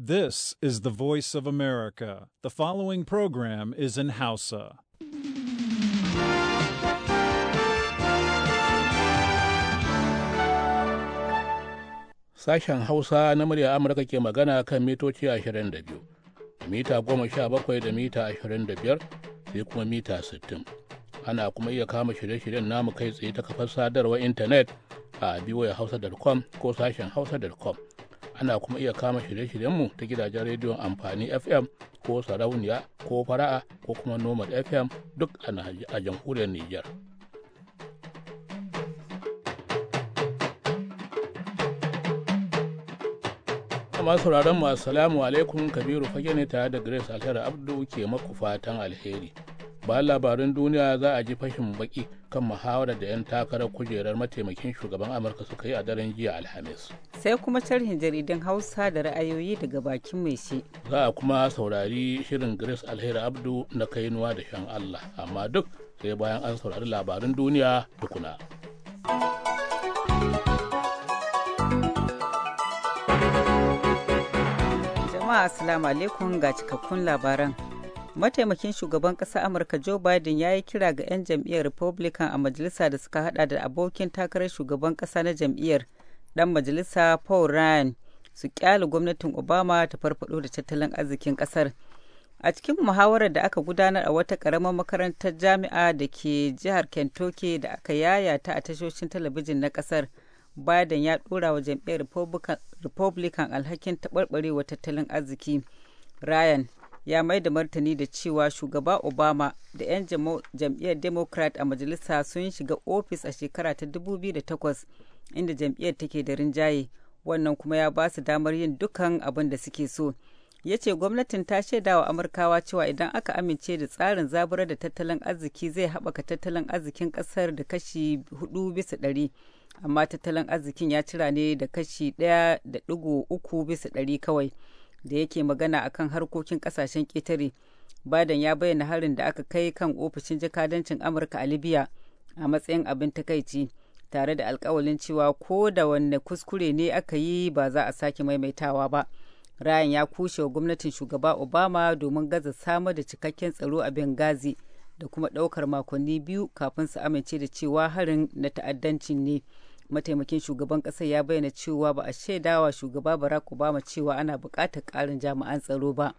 This is the voice of America. The following program is in Hausa. Sashen Hausa na murya Amurka ke magana kan mitoci 22, mita 17 da mita 25 sai kuma mita 60. Ana kuma iya kama shirye-shiryen namu kai tsaye ta kafar sadarwar intanet a biyoyahausa.com ko sashen hausa.com. ana kuma iya kama shirye-shiryenmu ta gidajen rediyon amfani fm ko sarauniya ko fara'a ko kuma nomad fm duk a jamhuriyar niger masu sauraron mu assalamu alaikum kabiru fage ne tare da grace alhera abdu ke maku fatan alheri ba labarin duniya za a ji fashin baki kan muhawarar da 'yan takarar kujerar mataimakin shugaban amurka suka yi a daren jiya alhamis sai kuma sharhin jaridan hausa da ra'ayoyi daga bakin mai shi za a kuma saurari shirin grace alheri abdu na kainuwa da shan allah amma duk sai bayan an saurari labarin duniya tukuna. jama'a assalamu alaikum ga cikakkun labaran mataimakin shugaban ƙasa amurka joe biden ya yi kira ga 'yan jam'iyyar republican a majalisa da suka hada da abokin takarar shugaban ƙasa na jam'iyyar dan majalisa paul ryan su kyale gwamnatin obama ta farfado da tattalin arzikin ƙasar a cikin muhawarar da aka gudanar a wata karamar makarantar jami'a da ke jihar kentucky da aka yayata a tashoshin talabijin na ƙasar biden ya dora wa jam'iyyar republican alhakin taɓarɓarewa tattalin arziki ryan ya mai da martani da cewa shugaba obama da 'yan jam'iyyar democrat a majalisa sun shiga ofis a shekara ta 2008 inda jam'iyyar take da rinjaye wannan kuma ya ba su damar yin dukkan abin da suke so ya ce gwamnatin ta shaida wa amurkawa cewa idan aka amince da tsarin zaburar da tattalin arziki zai haɓaka tattalin arzikin ƙasar da kashi 4 bisa ɗari amma tattalin arzikin ya cira ne da kashi 1.3 bisa ɗari kawai da yake magana akan harkokin kasashen ƙetare Badan ya bayyana harin da aka kai kan ofishin jakadancin amurka a libya a matsayin abin takaici tare da alkawalin cewa ko da wanne kuskure ne aka yi ba za a sake maimaitawa ba ryan ya kushe wa gwamnatin shugaba obama domin gaza samar da cikakken tsaro a benghazi da kuma ɗaukar makonni biyu kafin su amince da cewa harin na ta'addancin ne. mataimakin shugaban ƙasar ya bayyana cewa ba a shaidawa shugaba barack obama cewa ana buƙatar ƙarin jami'an tsaro ba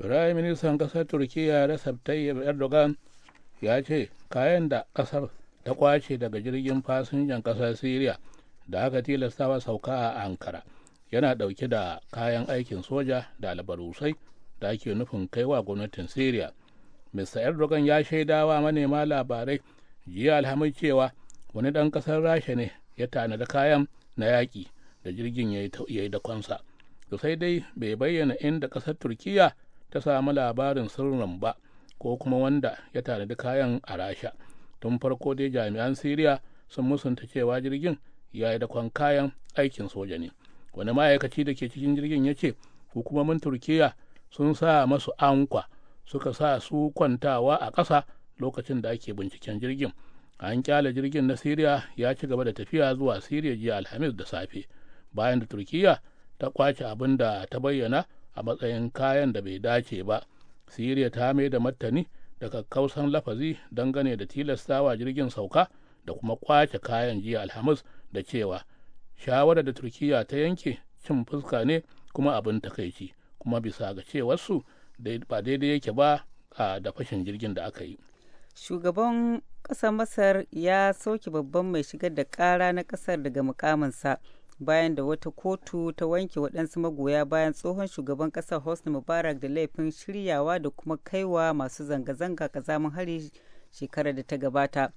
firayim ministan ƙasar turkiya recep tayyip erdogan ya ce kayan da ƙasar ta kwace daga jirgin fasinjan ƙasar syria da aka tilastawa sauka a ankara yana ɗauke da kayan aikin soja da albarusai da ake nufin kaiwa gwamnatin syria mr erdogan ya shaidawa manema labarai jiya alhamis cewa wani dan ƙasar rasha ne ya tanada kayan na yaƙi da jirgin ya yi dakonsa to sai dai bai bayyana inda ƙasar turkiya ta samu labarin sirrin ba ko kuma wanda ya tanadi kayan a rasha tun farko dai jami'an siriya sun musunta cewa jirgin ya yi dakon kayan aikin soja ne wani ma'aikaci da ke cikin jirgin ya ce hukumomin turkiya sun sa masu ankwa suka sa su kwantawa a ƙasa lokacin da ake binciken jirgin an kyale jirgin na siriya ya ci gaba da tafiya zuwa siriya jiya alhamis da safe bayan da turkiya ta kwace abin da ta bayyana a matsayin kayan da bai dace ba siriya ta mai da martani da kakkausan lafazi dangane da tilastawa jirgin sauka da kuma kwace kayan jiya alhamis da cewa shawarar da turkiya ta yanke cin fuska ne kuma abin takaici kuma bisa ga cewarsu ba daidai yake ba a da fashin jirgin da aka yi shugaban ƙasar masar ya soke babban mai shigar da ƙara na ƙasar daga mukaminsa bayan da wata kotu ta wanke waɗansu magoya bayan tsohon shugaban ƙasar hosni mubarak da laifin shiryawa da kuma kaiwa masu zanga-zanga kazamin hari shekarar da ta gabata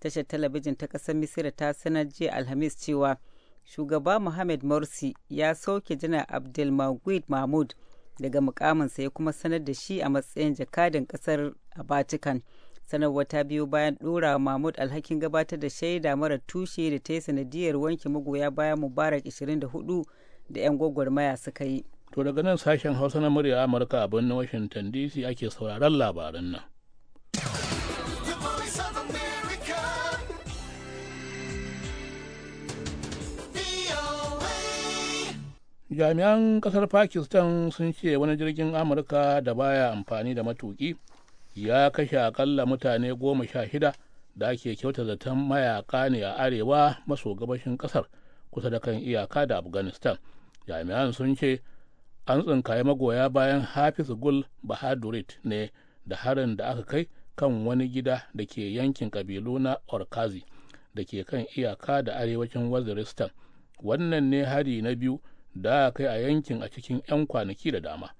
tashar talabijin ta ƙasar misira ta sanar jiya alhamis cewa shugaba mohamed morsi ya sauke janar abdulmagwid mahmud daga mukaminsa ya kuma sanar da shi a matsayin jakadin ƙasar a vatican sanarwar ta biyo bayan ɗora mahmud alhakin gabatar da shaida mara tushe da ta yi sanadiyar wanke magoya bayan mubarak 24 da 'yan gwagwarmaya suka yi to daga nan sashen hausa na murya amurka a birnin washington dc ake sauraron labaran nan jami'an kasar pakistan sun ce wani jirgin amurka da baya amfani da matuki ya kashe akalla mutane goma sha shida da ake kyauta zaton mayaka ne a arewa maso gabashin kasar kusa da kan iyaka da afghanistan jami'an sun ce an tsinkaye magoya bayan hafiz gul bahadurit ne da harin da aka kai kan wani gida da ke yankin kabilu na orkazi da ke kan iyaka da arewacin waziristan wannan ne hari na biyu da aka kai a yankin a cikin 'yan kwanaki da dama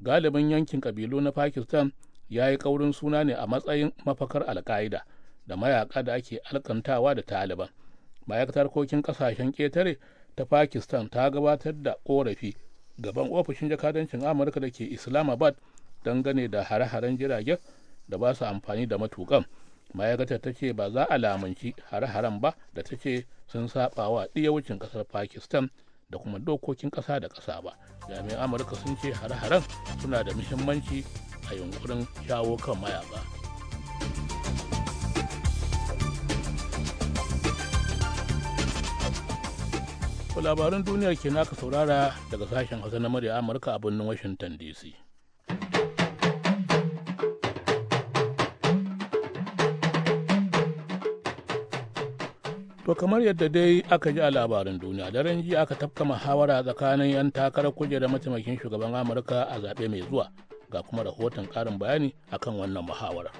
galibin yankin kabilu na pakistan ya yi ƙaurin suna ne a matsayin mafakar alka'ida da mayaƙa da ake alkantawa da taliban ma'aikatar harkokin ƙasashen ƙetare ta pakistan ta gabatar da ƙorafi gaban ofishin jakadancin amurka da ke islamabad dangane da hare-haren jiragen da ba su amfani da matuƙan ma'aikatar ta ce ba za a lamunci hare-haren ba da ta ce sun saba wa ɗiyawucin ƙasar pakistan da kuma dokokin ƙasa da ƙasa ba jami'an amurka sun ce hare-haren suna da muhimmanci a yunkurin shawo kan mayaka labarin duniya ke naka saurara daga sashen hausa na murya amurka a birnin washington dc To kamar yadda dai aka ji a labarin duniya daren jiya aka tafka muhawara tsakanin 'yan takarar kujerar mataimakin shugaban Amurka a zaɓe mai zuwa ga kuma rahoton karin bayani akan wannan muhawarar.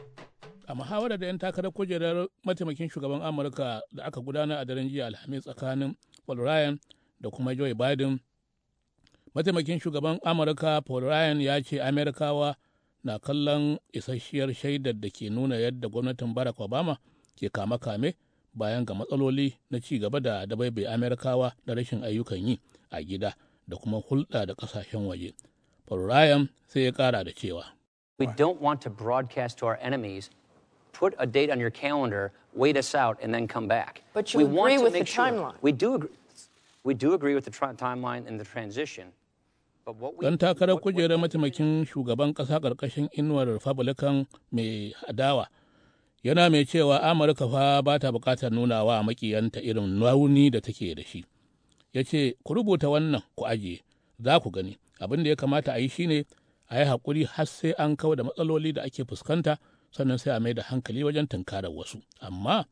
a muhawarar da 'yan takarar kujerar mataimakin shugaban amurka da aka gudana a daren jiya alhamis tsakanin paul ryan da kuma joe biden mataimakin shugaban amurka paul ryan ya ce amerikawa na kallon isasshiyar shaidar da ke nuna yadda gwamnatin barack obama ke kama kame bayan ga matsaloli na ci gaba da dabaibai amerikawa da rashin ayyukan yi a gida da kuma hulɗa da ƙasashen waje Ryan sai ya ƙara da cewa. We don't want to broadcast to our enemies put a date on your calendar, wait us out, and then come back. But you we agree want to with make the sure. We do agree. We do agree with the tra- timeline and the transition. Dan takarar kujerar mataimakin shugaban ƙasa ƙarƙashin inuwar Republican mai adawa yana mai cewa Amurka fa ba ta buƙatar nuna wa makiyanta irin nauni da take da shi. Ya ce, ku rubuta wannan ku ajiye, za ku gani. abin da ya kamata a yi shine a yi haƙuri har sai an kawo da matsaloli da ake fuskanta sannan sai a mai da hankali wajen tunkarar wasu amma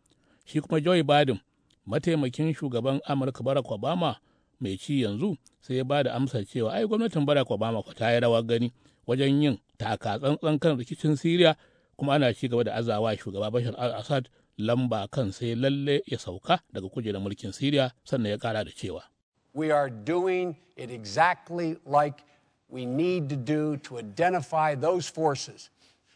shi kuma joe badin mataimakin shugaban amurka barack obama mai ci yanzu sai ya ba da amsa cewa ai gwamnatin barack obama fa ta yi rawa gani wajen yin taka tsantsan kan rikicin syria kuma ana ci gaba da azawa shugaba bashar al-assad lamba kan sai lalle ya sauka daga kujerar mulkin syria sannan ya kara da cewa we are doing it exactly like we need to do to identify those forces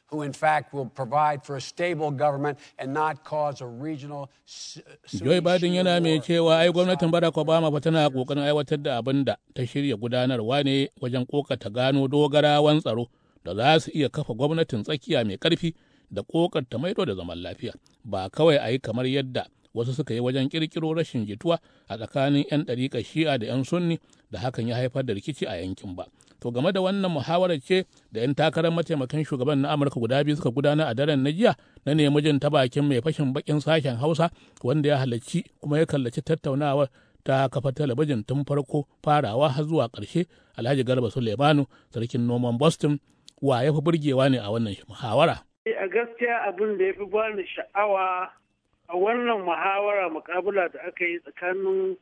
who, in fact, will provide for a stable government and not cause a regional. Joe Biden yana mai cewa ai gwamnatin Barack Obama ba tana kokarin aiwatar da abin da ta shirya gudanarwa ne wajen kokata gano dogarawan tsaro da za su iya kafa gwamnatin tsakiya mai karfi da kokarta maido da zaman lafiya ba kawai a yi kamar yadda wasu suka yi wajen kirkiro rashin jituwa a tsakanin 'yan ɗariƙar shi'a da 'yan sunni da hakan ya haifar da rikici a yankin ba to game da wannan muhawarar ce da 'yan takarar mataimakan shugaban na amurka guda biyu suka gudana a daren na jiya na nemi jin ta bakin mai fashin bakin sashen hausa wanda ya halarci kuma ya kallaci tattaunawar ta kafa talabijin tun farko farawa har zuwa ƙarshe alhaji garba suleimanu sarkin noman boston wa ya fi burgewa ne a wannan muhawara eh, a gaskiya abin da ya fi bani sha'awa a wannan muhawara mukabula da aka yi tsakanin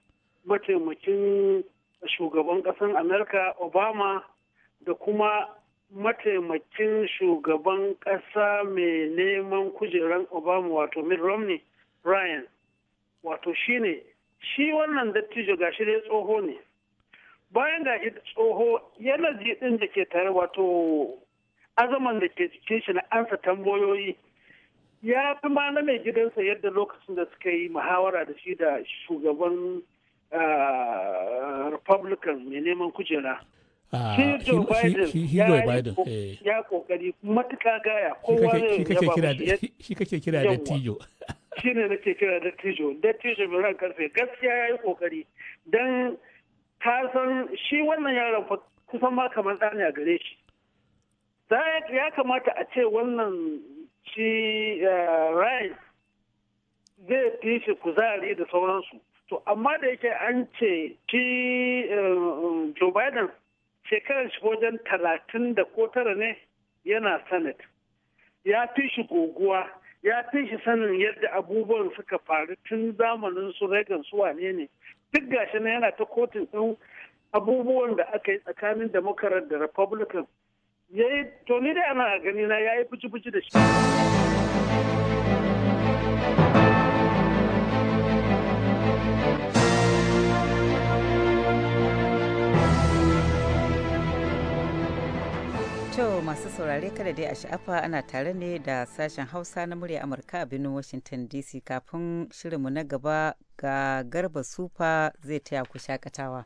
mataimakin shugaban ƙasar amurka obama da kuma mataimakin shugaban ƙasa mai neman kujeran obama wato mitt romney ryan wato shine shi wannan dattijo ga shi dai tsoho ne bayan ga tsoho yana ɗin da ke tare wato azaman da ke cikin shi na ansa tambayoyi ya fi ma na mai gidansa yadda lokacin da suka yi muhawara da shi da shugaban ah, republican mai neman kujera joe Biden ya kokari matuka gaya kowa zai shi kake kira da tijo shi ne kira da tijo da tijo mai ran karfe gaskiya ya yi kokari don ta san shi wannan yaron kusan ma kamar ɗani a gare shi ya kamata a ce wannan shi eh, rai zai fi shi kuzari da sauransu to amma da yake an ce shi eh, joe biden shekarar shi wajen talatin da ko tara ne yana senate ya fi shi goguwa ya fi shi sanin yadda abubuwan suka faru tun zamanin su reagan su wane ne duk gashi na yana ta kotun ɗin abubuwan da aka yi tsakanin democrat da republican yayi to ni dai ana gani na yayi fuci fuci da shi To masu saurare kada dai a sha'afa ana tare ne da sashen Hausa na murya Amurka a birnin Washington DC kafin shirinmu na gaba ga garba sufa zai taya ku shakatawa.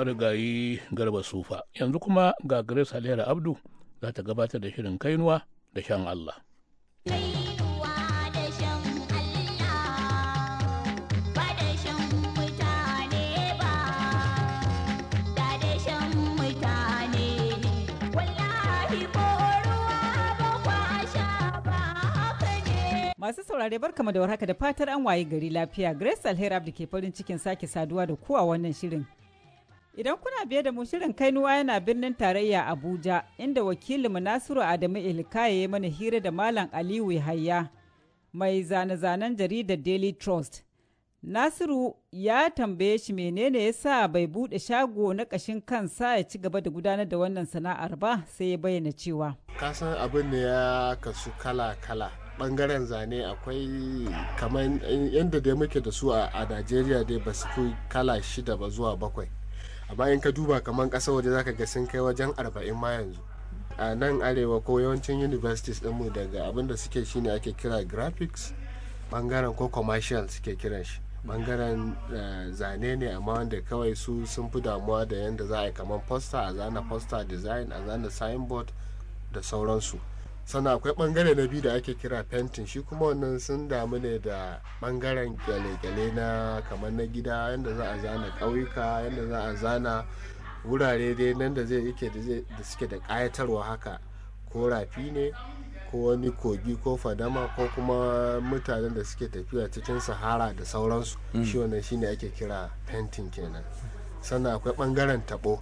marigayi garba sufa yanzu kuma ga grace halera abdu za ta gabatar da shirin kainuwa da shan allah Masu saurare barka da warhaka da fatar an waye gari lafiya Grace Alheri abdu ke farin cikin sake saduwa da kuwa wannan shirin. Idan kuna biye da mu shirin kainuwa yana birnin tarayya Abuja inda wakilinmu Nasiru Adamu Ilkaya ya mana hira da Malam Aliyu Hayya mai zane-zanen jaridar Daily Trust. Nasiru ya tambaye shi menene ya sa bai buɗe shago na ƙashin kansa ya ci gaba da gudanar da wannan sana'ar ba sai ya bayyana cewa. Kasan abin da ya kasu kala-kala. bangaren zane akwai kamar yadda dai muke da su a Najeriya dai ba su kala shida ba zuwa bakwai. a bayan ka duba kamar ƙasar waje zaka ga sun kai wajen arba'in ma yanzu a nan arewa ko yawancin universities ɗinmu daga abin da suke shine ake kira graphics bangaren ko commercial suke kiran shi bangaren eh, zane ne amma wanda kawai su sun fi damuwa da yadda za a yi kamar poster a zana poster design a zana signboard da sauransu sannan akwai bangare na biyu da ake kira fentin shi kuma wannan sun damu ne da bangaren gyale-gyale na kamar na gida yadda za a zana ƙauyuka yadda za a zana wurare dai nan da zai yake da suke da ƙayatarwa haka ko rafi ne ko wani kogi ko fadama ko kuma mutanen da suke tafiya cikin sahara da sauransu mm. shi wannan shine ake kira fentin kenan sannan akwai bangaren taɓo.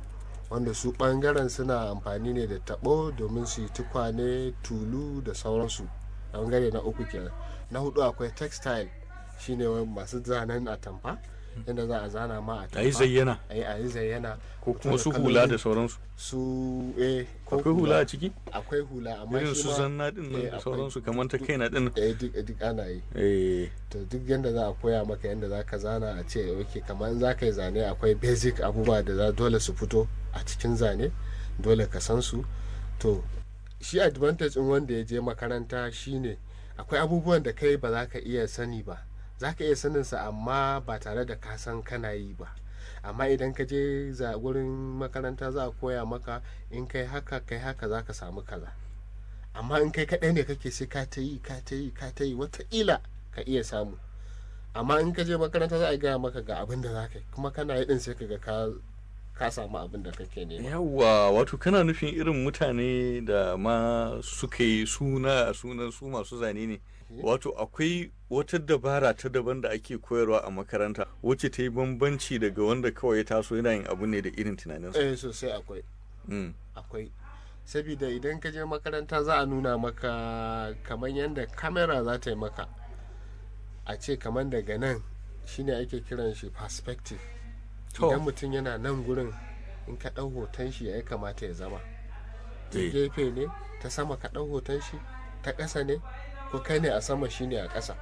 wanda su bangaren suna amfani ne da tabo domin su yi tukwane tulu da sauransu bangare na uku kenan na hudu akwai textile shine masu zanen atamfa inda za a zana ma a tafi zayyana a yi zayyana ko kuma su hula da sauransu su eh akwai hula a ciki akwai hula amma irin su zanna din nan eh, da sauransu kamar ta kaina din eh duk duk ana yi eh to duk yanda za a koya maka yanda za ka zana a ce okay kamar za ka yi zane akwai basic abubuwa da za dole su fito a cikin zane dole ka san su to shi advantage in wanda ya je makaranta shine akwai abubuwan da kai ba za ka iya sani ba za ka iya sa amma ba tare da ka san kana yi ba amma idan ka je za gurin makaranta za a koya maka in kai haka kai haka za ka samu kaza amma in kai kaɗai ne kake sai ka ta yi ka ta yi ka ta yi wataƙila ka iya samu amma in ka je makaranta za a gaya maka ga abin da za ka yi kuma kana yi din sai ka ga ka ka samu abin da kake nema. Yawwa wato kana nufin irin mutane da ma suka yi suna sunan su masu zane ne Mhm. wato akwai wata dabara ta daban da ake koyarwa a makaranta wacce ta yi bambanci daga wanda kawai ya taso yana yin abu ne da irin tunanin eh sosai akwai mm. akwai saboda idan ka je makaranta za a nuna maka kamar yadda kamera za ta yi maka a ce kamar daga nan shine ake kiran shi perspective idan mutum yana nan gurin in ka ɗau hoton shi ya kamata ya zama ta eh. gefe ne ta sama ka ɗau hoton shi ta ƙasa ne ko kai ne a sama shi ne a ƙasa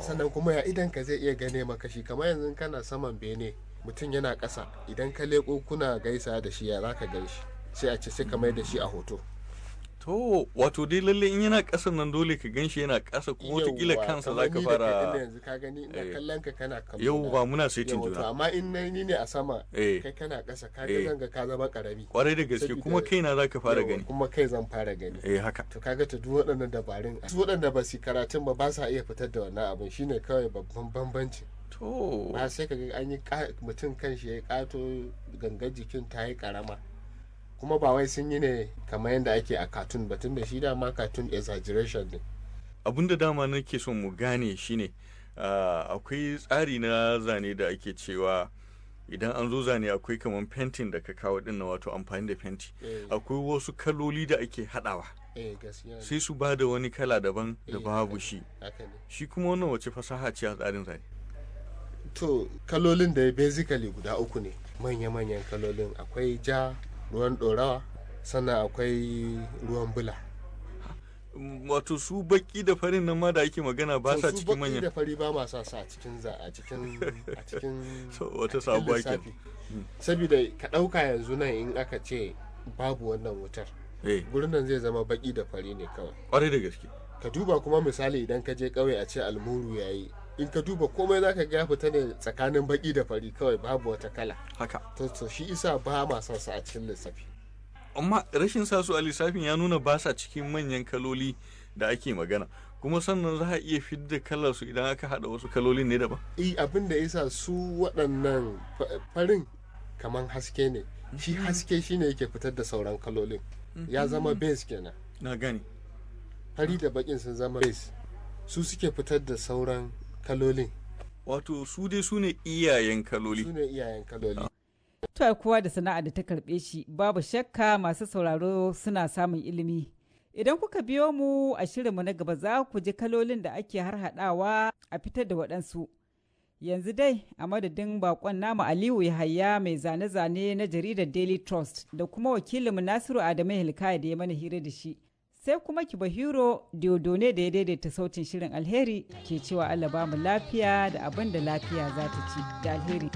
sannan kuma ya idan ka zai iya gane maka shi kamar yanzu kana saman bene mutum yana ƙasa idan ka leƙo kuna gaisa da shi ya za ka gan shi sai a ce sai ka mai da shi a hoto To, wato dai lalle in yana ƙasa nan dole ka ganshi yana ƙasa kuma gila kansa za ka fara. Yawwa, yanzu ka gani ina eh. kallon ka kana kamar. ba muna setin juna. amma in na ni ne a sama, eh. kai kana ƙasa, ka ga eh. zanga ka zama karami. kwarai da gaske kuma kai na za ka fara gani. Kuma kai zan fara gani. Eh haka. To kaga ta duk waɗannan dabarun, su waɗanda ba su karatun ba ba sa iya fitar da wannan abin shine kawai babban bambancin. To. Ba sai ka ga an yi mutum kan shi ya ƙato gangar jikin ta yi ƙarama. kuma ba wai sun yi ne kamar yadda ake a katun ba tunda shi dama katun exaggeration ne abin da dama nake son mu gane shine ah, akwai tsari na zane da ake cewa idan an zo zane akwai kamar fentin da ka kawo din wato amfani da fenti eh. akwai wasu kaloli da ake hadawa eh, sai su ba da wani kala daban da eh, babu shi shi kuma wannan wace fasaha ce a tsarin zane to kalolin da basically guda uku ne manya-manyan kalolin akwai ja ruwan dorawa sannan akwai ruwan bula wato su baki da farin nan ma da ake magana ba sa cikin manya da fari ba ma sa sa a cikin za a cikin a cikin wata sabuwa ke hmm. saboda ka dauka yanzu nan in aka ce babu wannan wutar eh. gurin nan zai zama baki da fari ne kawai kwarai da gaske ka duba kuma misali idan ka je kauye a ce almuru yayi in ka duba komai zaka ga ya fita ne tsakanin baki da fari kawai babu wata kala haka to shi isa ba ma son su a cikin lissafi amma rashin sa su a lissafin ya nuna ba sa cikin manyan kaloli da ake magana kuma sannan za a iya fidda kalar su idan aka hada wasu kaloli ne daban eh abin da isa su waɗannan farin kaman haske ne shi mm. haske shine yake fitar da sauran kalolin mm-hmm. ya zama base kenan na gani fari da bakin sun zama base su suke fitar da sauran kalolin wato su dai su ne iyayen kaloli su ne iyayen kaloli to kuwa da sana'a da ta karbe shi babu shakka masu sauraro suna samun ilimi idan kuka biyo mu a shirinmu na gaba za ku ji kalolin da ake har harhaɗawa a fitar da waɗansu yanzu dai a madadin bakon namu aliyu yahaya mai zane-zane na jaridar daily trust da kuma wakilinmu nasiru adamu hilkaya da ya mana hira da shi sai kuma ki Kibahiro Diodone da ya daidaita sautin shirin alheri ke cewa Allah ba mu lafiya da abin da lafiya za ta ci da alheri.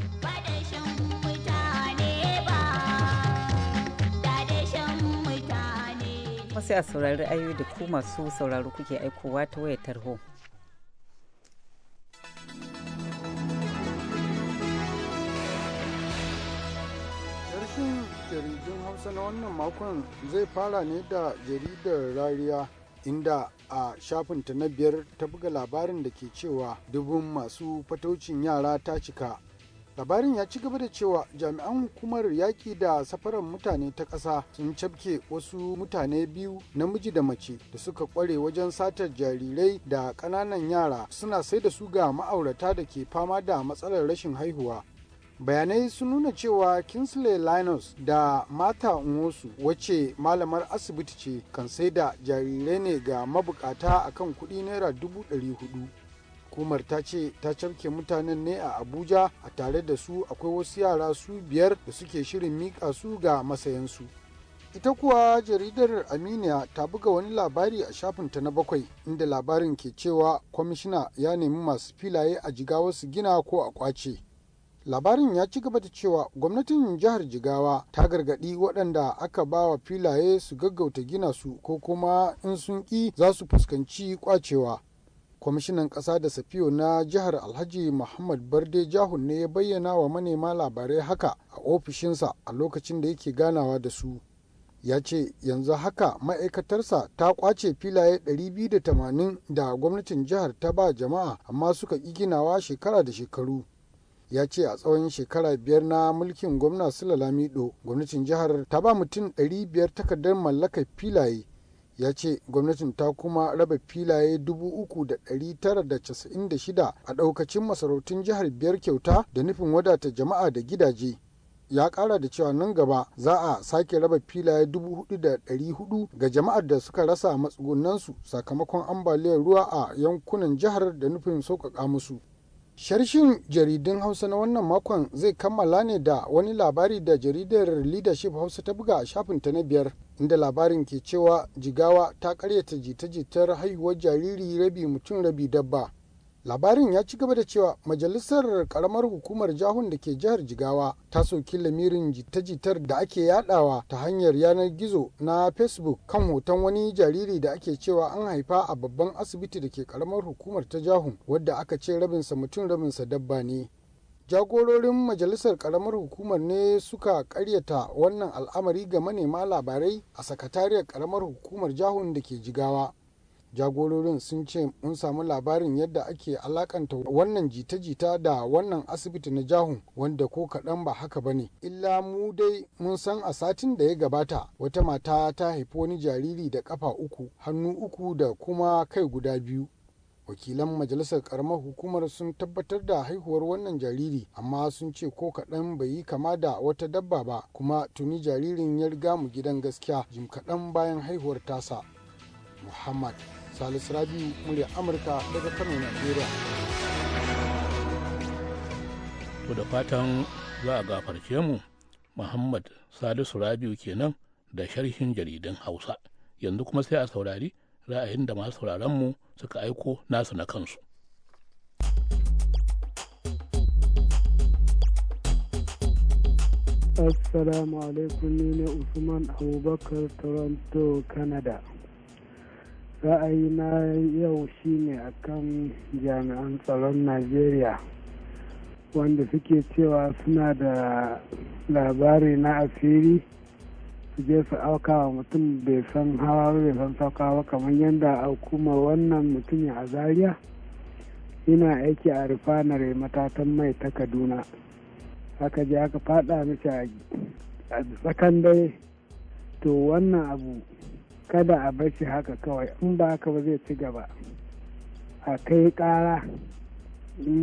Sai a saurari ayoyi da ku masu sauraro kuke aikowa ta wayar tarho. jaridun hausa na wannan makon zai fara ne da jaridar rariya inda a shafinta na biyar ta buga labarin da ke cewa dubun masu fataucin yara ta cika labarin ya ci gaba da cewa jami'an hukumar yaƙi da safaran mutane ta ƙasa sun cafke wasu mutane biyu namiji da mace da suka ƙware wajen satar jarirai da ƙananan yara suna sai da su ga ma'aurata da ke fama da matsalar rashin haihuwa bayanai sun nuna cewa kinsley linus da mata unwosu wacce malamar asibiti ce kan sai da jarirai ne ga mabukata akan kudi naira dubu ɗari hudu hukumar ta ce ta cafke mutanen ne a abuja a tare da su akwai wasu yara su biyar da suke shirin mika su ga masayansu ita kuwa jaridar aminiya ta buga wani labari a shafinta na bakwai inda labarin ke cewa kwamishina ya nemi masu filaye a jigawa su gina ko a kwace labarin ya ci gaba da cewa gwamnatin jihar jigawa ta gargaɗi waɗanda aka ba wa filaye su gaggauta gina su ko kuma in sun ƙi za su fuskanci kwacewa kwamishinan ƙasa da safiyo na jihar alhaji muhammad barde jahun ne ya bayyana wa manema labarai haka a ofishinsa a lokacin da yake ganawa da su ya ce yanzu haka ma'aikatarsa ta kwace filaye 280 da gwamnatin jihar ta ba jama'a amma suka ƙi ginawa shekara da shekaru ya ce a tsawon shekara biyar na mulkin gwamna sula lamido gwamnatin jihar ta ba mutum 500 takardar mallakar filaye ya ce gwamnatin ta kuma raba filaye 3,996 a ɗaukacin masarautun jihar biyar kyauta da nufin wadata jama'a da gidaje ya kara da cewa nan gaba za a sake raba filaye 4,400 ga jama'ar da suka rasa matsugunansu sakamakon ambaliyar ruwa a yankunan jihar da nufin sauƙaƙa musu Sharshin jaridun Hausa na wannan makon zai kammala ne da wani labari da jaridar Leadership Hausa ta buga a ta na biyar, inda labarin ke cewa Jigawa ta karyata jita-jitar haihuwar jariri rabi mutum rabi dabba. labarin ya ci gaba da cewa majalisar karamar hukumar jahun da ke jihar jigawa ta soki lamirin jita-jitar da ake yadawa ta hanyar yanar gizo na facebook kan hoton wani jariri da ake cewa an haifa a babban asibiti da ke karamar hukumar ta jahun wadda aka ce rabinsa mutum rabinsa dabba ne jagororin majalisar karamar hukumar ne suka karyata wannan al'amari ga manema labarai a sakatariyar karamar hukumar jahun da ke jigawa jagororin sun ce mun samu labarin yadda ake alakanta wannan jita-jita da wannan asibiti na jahun wanda ko kaɗan ba haka ba ne illa mu dai mun san a satin da ya gabata wata mata ta haifi wani jariri da ƙafa uku hannu uku da kuma kai guda biyu wakilan majalisar karamar hukumar sun tabbatar da haihuwar wannan jariri amma sun ce ko kaɗan bai yi kama da wata dabba ba kuma tuni jaririn ya riga mu gidan gaskiya jim kaɗan bayan haihuwar tasa muhammad salis Rabiu murya Amurka daga Kano, Najeriya. To da fatan za a gafarce mu Muhammad Salisu Rabiu kenan da sharhin jaridun Hausa. Yanzu kuma sai a saurari ra'ayin da masu sauraron mu suka aiko nasu na kansu. Assalamu alaikum ne Usman Abubakar Toronto, Canada. ra'ayi na yau shine akan jami'an tsaron najeriya wanda suke cewa suna da labari na asiri su je su auka wa mutum bai san hawa bai san sauka ba kamar yadda a kuma wannan mutum a zaria ina aiki a rufanare matatan mai ta kaduna haka je aka fada mishi a tsakan dare to wannan abu kada a bar shi haka kawai in ba haka ba zai ci gaba a kai kara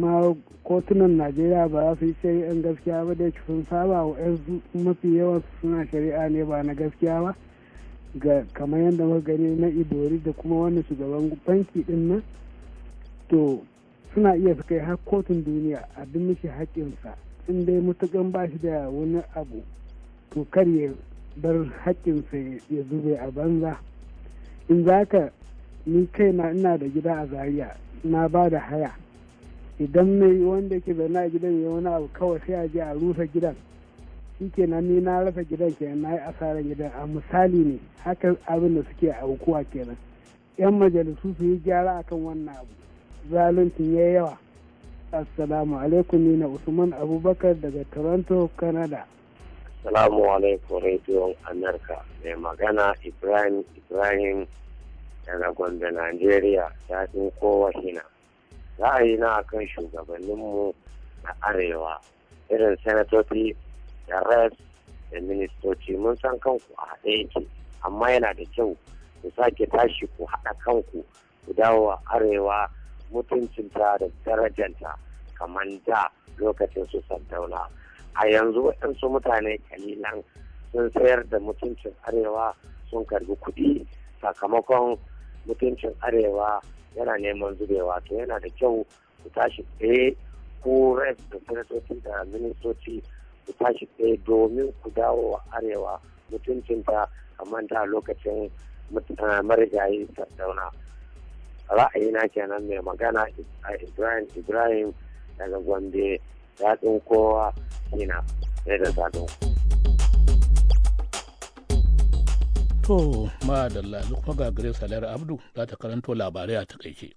ma kotunan najeriya ba za su yi shari'an gaskiya ba da sun saba wa mafi yawan suna shari'a ne ba na gaskiya ba ga kamar yadda muka gani na idori da kuma wani shugaban banki din nan to suna iya su kai har kotun duniya a mishi haƙƙinsa in dai mutukan ba shi da wani abu to kar bar hakkin haƙƙinsa ya zube a banza in za ka ni kaina ina da gida a zaria na ba da haya idan mai wanda ke zana a gidan ya wani abu kawai sai a je a rusa gidan shi shikenan ni na rasa gidan ke na yi asarar gidan a misali ne haka abin da suke aukuwa kenan yan majalisu su yi gyara akan wannan abu zaluncin ya yawa assalamu alaikum ni na usman abubakar daga toronto canada Assalamu alaikum Radio Amurka mai magana Ibrahim Ibrahim daga Gombe Najeriya daɗin kowa hina. Za a kan shugabanninmu na Arewa irin sanatoci da res da ministoci mun san kanku a haɗe yake amma yana da kyau ku sake tashi ku haɗa kanku ku dawo Arewa mutuncinta da darajanta kamar da lokacin su Sardauna. a yanzu waɗansu mutane kalilan sun sayar da mutuncin arewa sun karbi kuɗi sakamakon mutuncin arewa yana neman zubewa to yana da kyau ku tashi tsaye ko res da sanatoci da ministoci ku tashi tsaye domin ku dawo wa arewa mutuncinta kamar da lokacin eh, marigayi sardauna ra'ayina kenan mai magana a eh, ibrahim ibrahim daga gombe daɗin kowa yana da daɗin To, lalu kuma ga gare Salar Abdu za ta karanto labarai a takaice.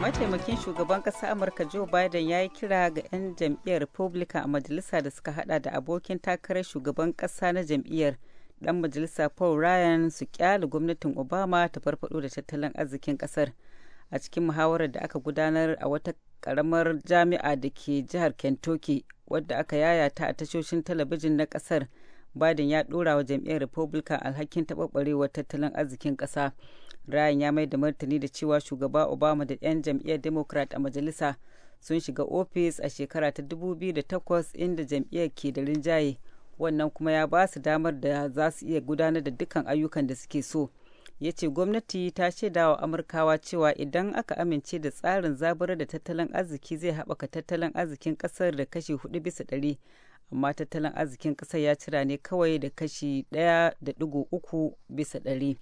mataimakin shugaban ƙasa amurka joe biden ya yi kira ga 'yan jam'iyyar republican a majalisa da suka hada da abokin takarar shugaban ƙasa na jam'iyyar dan majalisa paul ryan su kyale gwamnatin obama ta farfado da tattalin arzikin kasar a cikin muhawarar da aka gudanar a wata karamar jami'a da ke jihar kentucky wadda aka yayata a tashoshin talabijin na kasar biden ya dora wa jam'iyyar republican alhakin taɓaɓarewar tattalin arzikin ƙasa ryan ya mai da martani da cewa shugaba obama da 'yan jam'iyyar democrat a majalisa sun shiga ofis a shekara ta 2008 inda jam'iyyar ke da rinjaye wannan kuma ya ba su damar da za su iya gudanar da dukkan ayyukan da suke so ya ce gwamnati ta shaida wa amurkawa cewa idan aka amince da tsarin zabura da tattalin arziki zai haɓaka tattalin arzikin ƙasar da kashi hudu bisa ɗari amma tattalin arzikin ƙasar ya cira ne kawai da kashi ɗaya da 1.3 bisa ɗari.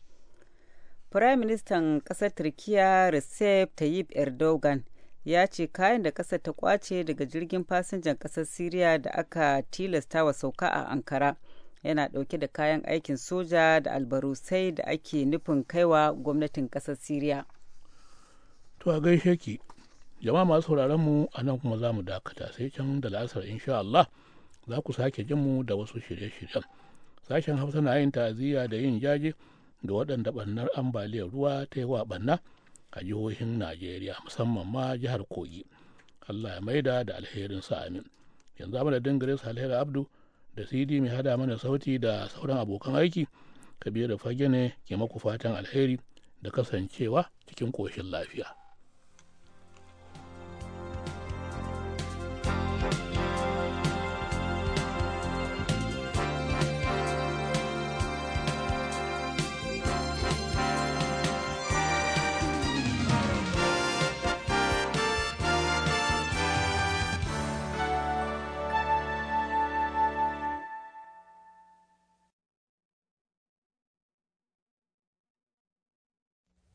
Firayim Ministan ƙasar Turkiyya Recep Tayyip Erdogan ya ce kayan da ƙasar ta kwace daga jirgin fasinjan ƙasar Siriya da aka tilasta wa sauka a Ankara yana ɗauke da kayan aikin soja da albarusai da ake nufin kaiwa gwamnatin ƙasar Siriya. To a gaishe ki, jama'a masu sauraron mu a nan kuma za mu dakata sai can da la'asar insha Allah za ku sake jin mu da wasu shirye-shiryen. Sashen Hausa na yin ta'aziyya da yin jaje da waɗanda ɓannar ambaliyar ruwa ta yi wa ɓanna. a jihohin najeriya musamman ma jihar kogi allah ya maida da alherin sa amin yanzu mana dingare su alheri abdu da cd mai hada mana sauti da sauran abokan aiki kabiru fage ne ke maku fatan alheri da kasancewa cikin koshin lafiya